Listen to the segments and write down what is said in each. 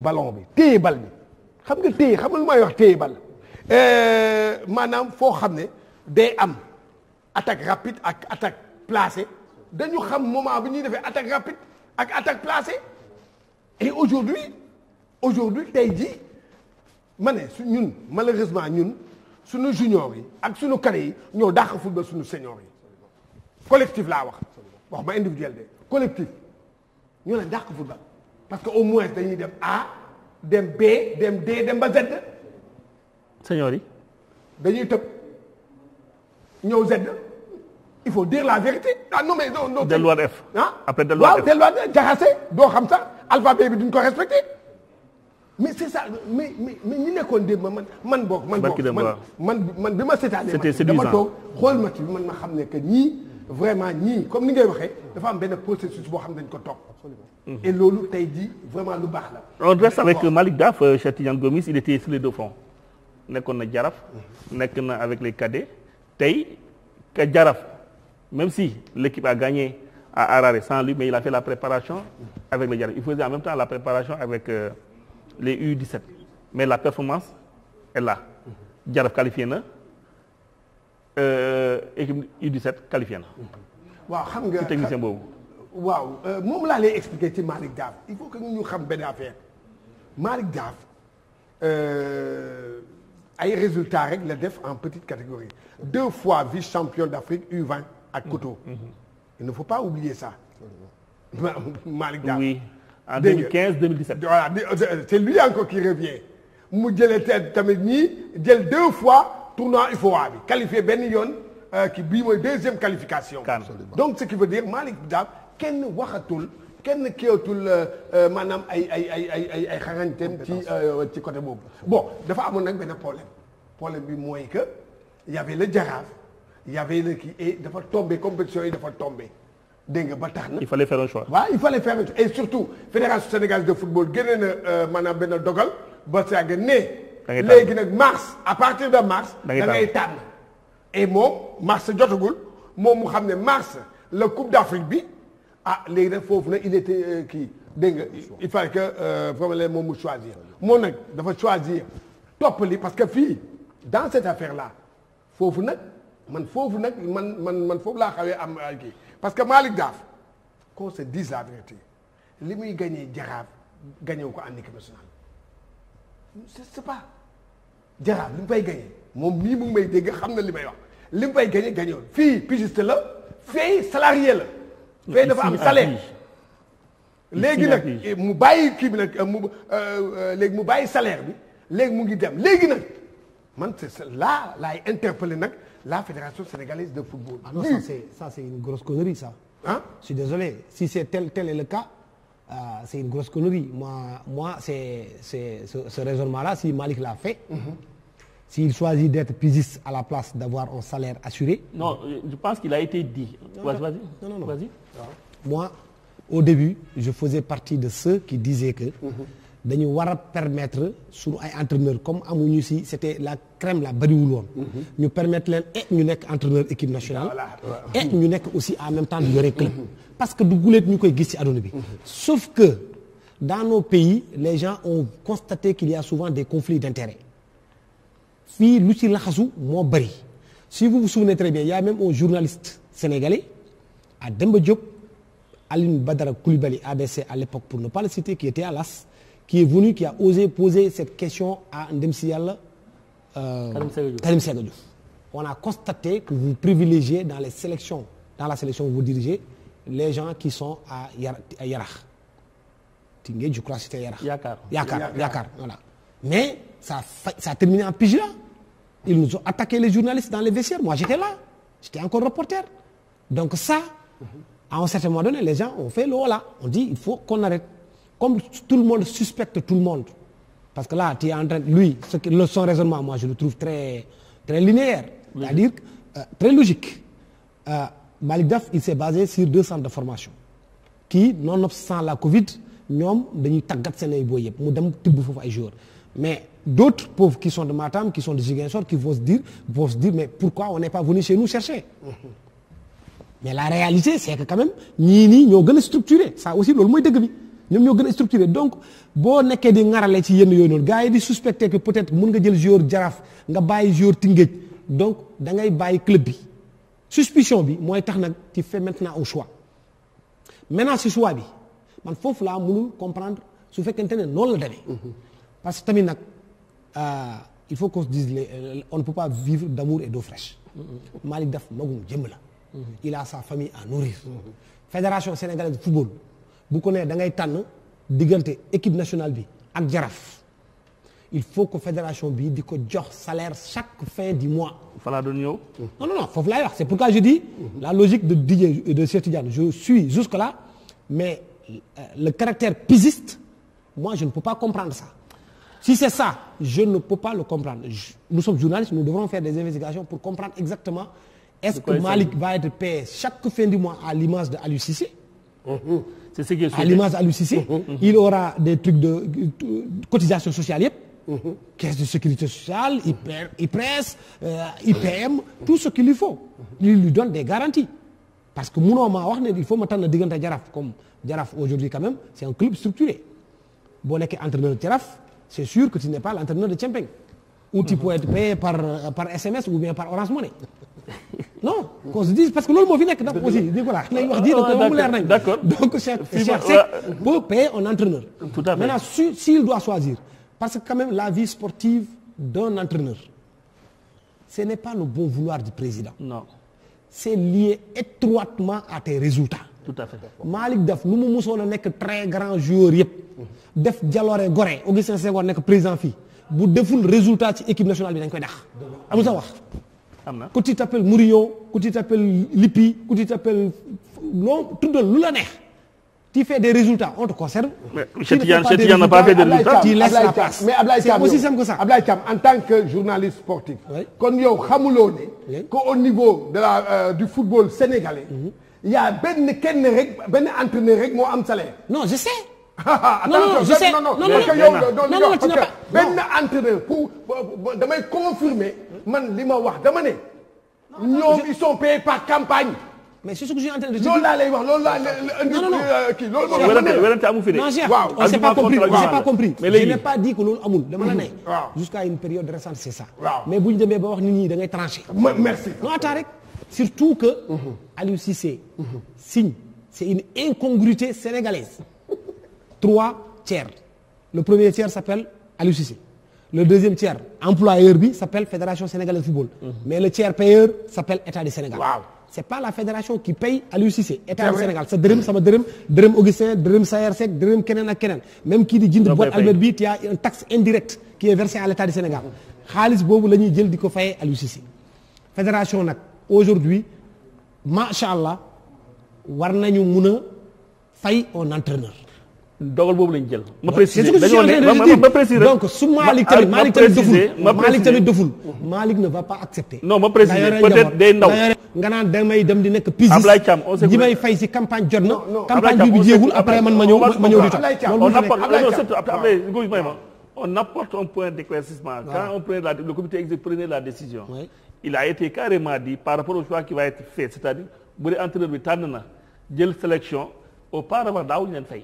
ballon bi téye bal bi xam nga téye xam nga lu may wax téye bal euh, maanaam foo xam ne day am attaque rapide ak attaque place dañu xam moment bi ñuy defee attaque rapide ak attaque placée et aujourd'hui aujourd'hui tey jii ma ne su ñun malheureusement ñun suñu junior yi ak suñu cadets yi ñoo dàq football suñu senior yi collectif laa wax wax ma individuel de collectif ñoo leen dàq football parce que au moins dañuy dem A dem B dem D dem ba Z. seigneur yi. dañuy tëb ñëw Z il faut dire la vérité ah non mais non non. delluwaat F ah après delluwaat F waaw delluwaat jaxase doo xam sax alphabet bi duñ ko respecté mais c'est ça mais mais ñi nekkoon démb man man boog. man boog man man bi ma seetaanee. c'était séduisant dama toog xool ma ci man ma xam ne que ñii. vraiment ñii comme ni ngay waxee dafa am benn processus boo xam ne dañ ko topp. et loolu tey jii vraiment lu baax la. on reste avec euh, Malick Daaf euh, Cheikh Tidiane Gomis il était sur les deux fronts nekkoon na Jaraf. Mm-hmm. nekk na avec les cadets tey ka Jaraf même si l'équipe a gagné à Harare sans lui mais il a fait la préparation mm-hmm. avec les Jaraf il faisait en même temps la préparation avec euh, les U17 mais la performance est la mm-hmm. Jaraf qualifié na. Euh, équipe U17 qualifié na. waaw xam nga ci technicien boobu. waaw euh, moom laa lay expliquer il faut que ñu xam affaire Malick Daaf euh, ay résultats rek def en petite catégorie deux fois vice champion d'Afrique U20 ak mm-hmm. Mm-hmm. il ne faut pas oublier ça. Malick Daaf c'est lui encore qui revient mu jëlee tamit ñii jël deux fois. tournoi UFOA bi qualifié benn yoon euh, ki bii mooy deuxième qualification Absolument. donc ce qui veut dire Malick Daab kenn waxatul kenn kéewatul euh, euh, maanaam ay ay ay ay ay ay xarañteem ci ci côté boobu bon dafa amoon nag benn problème problème bi mooy que y avait le jaraaf y avait le kii et dafa tombé compétition yi dafa tombé dégg nga ba tax na. il fallait faire un choix. waaw il fallait faire un et surtout fédération sénégalaise de football génne na maanaam benn dogal ba saa ne. léegi nag mars à partir de mars. da ngay tànn et moom mars jotagul moom mu xam ne mars la coupe d'Afrique bi ah léegi nag foofu nag il était euh, kii dégg nga il fallait que problème euh, moom mu choisir moom nag dafa choisir topp li parce que fii dans cette affaire là foofu nag man foofu nag man man man foofu laa xawee am ay euh, kii parce que Malick Daaf qu'on se dise la vérité li muy gagné Jaraaf gagné wu ko en équipe nationale jaraaf li mu fay gagné moom mii mu ngi may dégg xam na li may wax li mu fay gagné gagné fii pigiste la fii salarié la. fii dafa am salaire. léegi nag mu bàyyi kii bi nag euh, mu euh, léegi mu bàyyi salaire bi léegi mu ngi dem léegi nag man c'est la laay interpellé nag la fédération sénégalaise de football. ah non ça c'est ça c'est sa grosse connerie ça. ah je si c'est tele tel le cas. Euh, c'est une grosse connerie moi moi c'est c'est ce, ce raisonnement-là si Malick l'a fait. Mhm. s'il choisit d'être pigiste à la place d'avoir un salaire assuré. Non, je pense qu'il a été dit. au début, je faisais partie de ceux qui disaient que dañu war a permettre suñu ay entraîneurs comme amuñu si c'était la crème la bariwul woon. Mhm. ñu permettre leen et ñu nekk entraîneur équipe nationale. et ñu nekk aussi en même temps yore club. parce que du guleet ñu koy gis ci àdduna bi. sauf que dans nos pays les gens ont constaté qu'il y a souvent des conflits d'intérêts. fii lu ci laxasu moo bëri si vous vous souvenez très bien y a même un journaliste sénégalais à Demba Diop Aline Badara Koulibaly ABC à l'époque pour ne pas le citer qui était à l'AS qui est venu qui a osé poser cette question à ndem si yàlla euh, Karim Séga Diouf on a constaté que vous privilégiez dans les sélections dans la sélection vous dirigez les gens qui sont à Yarax Tingé je crois c'était Yarax Yaakaar mais ça ça a terminé en pige là ils nous ont les journalistes dans les vestiaires moi j'étais là j'étais encore reporter donc ça à un certain moment donné les gens ont fait le voilà on dit il faut qu'on comme tout le monde suspecte tout le monde parce que là tu es en train lui ce que, le son raisonnement moi je le trouve très très linéaire oui. c'est-à-dire euh, euh, Daf il s'est basé sur deux centres de formation qui nonobstant la Covid ñoom dañuy tàggat seen ay booy yëpp mu dem tibb foofu ay joueurs mais d'autres pauvres qui sont de Matam qui sont de Ziguinchor qui vont se dire vont se dire mais pourquoi on n'est pas venu chez nous chercher mais la réalité c'est que quand ñii nii ñoo gën a structuré saa aussi loolu mooy dëgg bi ñoom ñoo gën a structuré donc boo nekkee di ŋarale ci yenn yooyu noonu gars yi di suspecté que peut-être mun nga jël joueur jaraaf nga bàyyi joueur Tingéej donc dangay ngay bàyyi club bi suspicion bi mooy tax nag ci fait maintenant au choix maintenant si choix bi man foofu laa mënul comprendre su fekkente ne noonu la demee mm-hmm. parce que tamit nag euh, il faut qu'on se dise euh, on ne peut pas vivre d'amour et d'eau fraîche Malick Daf magum jëmm la il a sa famille à nourrir fédération sénégalaise de football bu ko nee da ngay tànn diggante équipe nationale bi ak jaraaf il faut que fédération bi di ko jox salaire chaque fin du mois. fa laa doon ñëw. non non non foofu laay wax c'est pourquoi je dis. Mmh. la logique de Didier de Cheikh Tidiane suis jusque là mais euh, le caractère pisiste moi je ne peux pas comprendre Si c'est ça, je ne peux pas le comprendre. Je, nous sommes journalistes, nous devons faire des investigations pour comprendre exactement est-ce que Malik va être payé chaque fin du mois à l'image de Aliou mm-hmm. À l'image d'Aliou Cissé, mmh. il aura des trucs de, de cotisation sociale yëpp. Mmh. caisse de sécurité sociale, IPR, e IPRES, euh, IPM, e tout ce qu'il lui faut. Il lui donne des garanties. Parce que munoo maa wax ne il faut ma tànn diggante Jaraaf comme Jaraaf aujourd'hui quand même c'est un boo nekkee entraîneur Jaraaf c'est sûr que tu n'es pas l'entraîneur de Champagne ou tu peux être payé par euh, par SMS ou bien par Orange non parce que loolu moo fi nekk daf aussi Nicolas nañ wax diina ah, ko mu leer nañ donc Cheikh Cheikh Seck peut payer un entraîneur Tout à fait. s'il doit choisir parce que quand même la vie sportive d'un entraîneur ce n'est pas le bon vouloir du président non c'est lié étroitement à tes résultats tout à fait Malick Daf lu mu musoon a nekk très grand joueur yëpp. def jaloore Gorée Augustin Senghor nekk président fii bu deful résultat ci équipe nationale bi dañ koy dax amul sa wax. ku ci t'appelle Mourinho ku ci t'appelle Lippi ku ci t'appelle tuddal lu la neex. tu fais des résultats on te conserve. mais Cheikh Tidiane n'a pas fait des résultats tu laisses la place mais Ablaye Thiam aussi journaliste sportif. kon yow xamuloo ne. que au niveau de la euh, du football sénégalais. Mhm. y a benn kenn rek benn entraîneur rek moo am salaire. non je sais. non non je sais non non non non parce que benn entraîneur pour damay li ma wax dama ne. ñoom ils sont payés par campagne. mais c'est ce que j'ai entendu. loolu laa lay wax loolu laa non non non non jusqu'à une période récente c'est ça. mais bu ñu demee ba wax nit ñi da ngay tranché. merci non attends rek. surtout que Aliou Cissé signe c'est une incongruité sénégalaise trois tiers le premier tiers s'appelle Aliou Cissé le deuxième tiers employeur bi s'appelle Fédération sénégalaise de football mais le tiers payeur s'appelle État du Sénégal waaw c'est pas la fédération qui paye Aliou Cissé état du Sénégal sa dërëm sama dërëm dërëm Augustin dërëm Sayer Seck dërëm keneen ak keneen même kii di jënd boîte Albert bi il y un taxe indirecte qui est versée à l'état du Sénégal xaalis boobu la ñuy jël di ko fayee Aliou fédération nag aujourd'hui macha allah war nañu mun a fay un entraîneur. dogal boobu lañ jël. donc su Malick ah, tamit Malick tamit tamit deful Malick ne va pas accepter. non ma préciser peut-être day ndaw nga naan damay dem di nekk piste. ji may fay si campagne jot na. campagne bi bi jeexul après man ma ñëw di tax. on apporte après on apporte un point d'éclaircissement. quand on prenait la décision. il a été carrément dit par rapport au choix qui va être fait c'est-à-dire bu dee entraîneur bi tànn na jël sélection auparavant daawuñu leen fay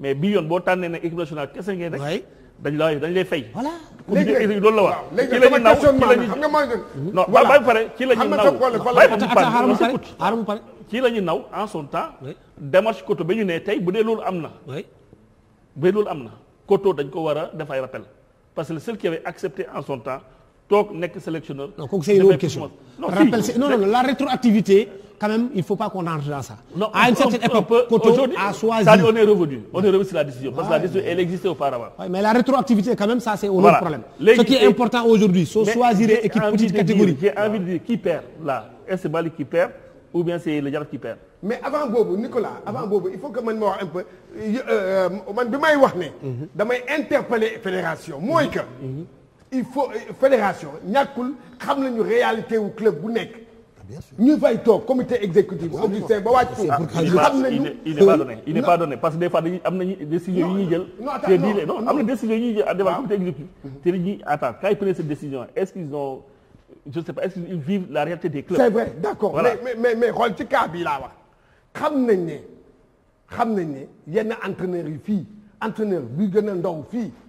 mais bii yoon boo tànnee ne équipe nationale kese ngeen rek. dañ la dañ lay fay. voilà léegi loolu la wax. ci la ñu naw ci la ñu xam nga ba pare ci la ñu naw xaaral pare en son temps. démarche Koto ba ne tey bu dee loolu am na. bu dee loolu am na coto dañ ko war a def ay rappel parce que le seul a avait accepté en son temps. toog nekk sélectionneur. non kooku c'est une autre question. non rappel si non non la rétroactivité. quand il faut pas qu'on entre dans à une certaine époque Koto à dire on est ah, auparavant. mais la rétroactivité quand même ça c'est un autre problème. ce qui est important aujourd'hui soo choisir équipe petite catégorie. qui perd là est-ce Bali qui perd ou bien c'est le Jaraaf qui perd. mais avant boobu Nicolas avant boobu il faut que man ma wax peu euh, man bi may wax ne. Mhm. damay interpeller fédération mooy que. Mhm. il faut euh, fédération ñàkkul xam nañu réalité wu club bu nekk. Ah, ñu fay toog comité exécutif. Augustin ba wàcc xam nañu il n'est pas donné il n'est pas donné parce am nañu décision yu ñuy jël. te di non am na décision yu ñuy jël devant ah. comité exécutif. te dañuy attends quand ils prennent cette décision est-ce qu'ils ont je ne sais pas est-ce qu'ils vivent la réalité des clubs. d'accord mais mais mais xool ci cas bii laa wax. xam nañ ne xam nañ ne yenn entraîneurs yi fii entraîneur bi gën a ndaw fii.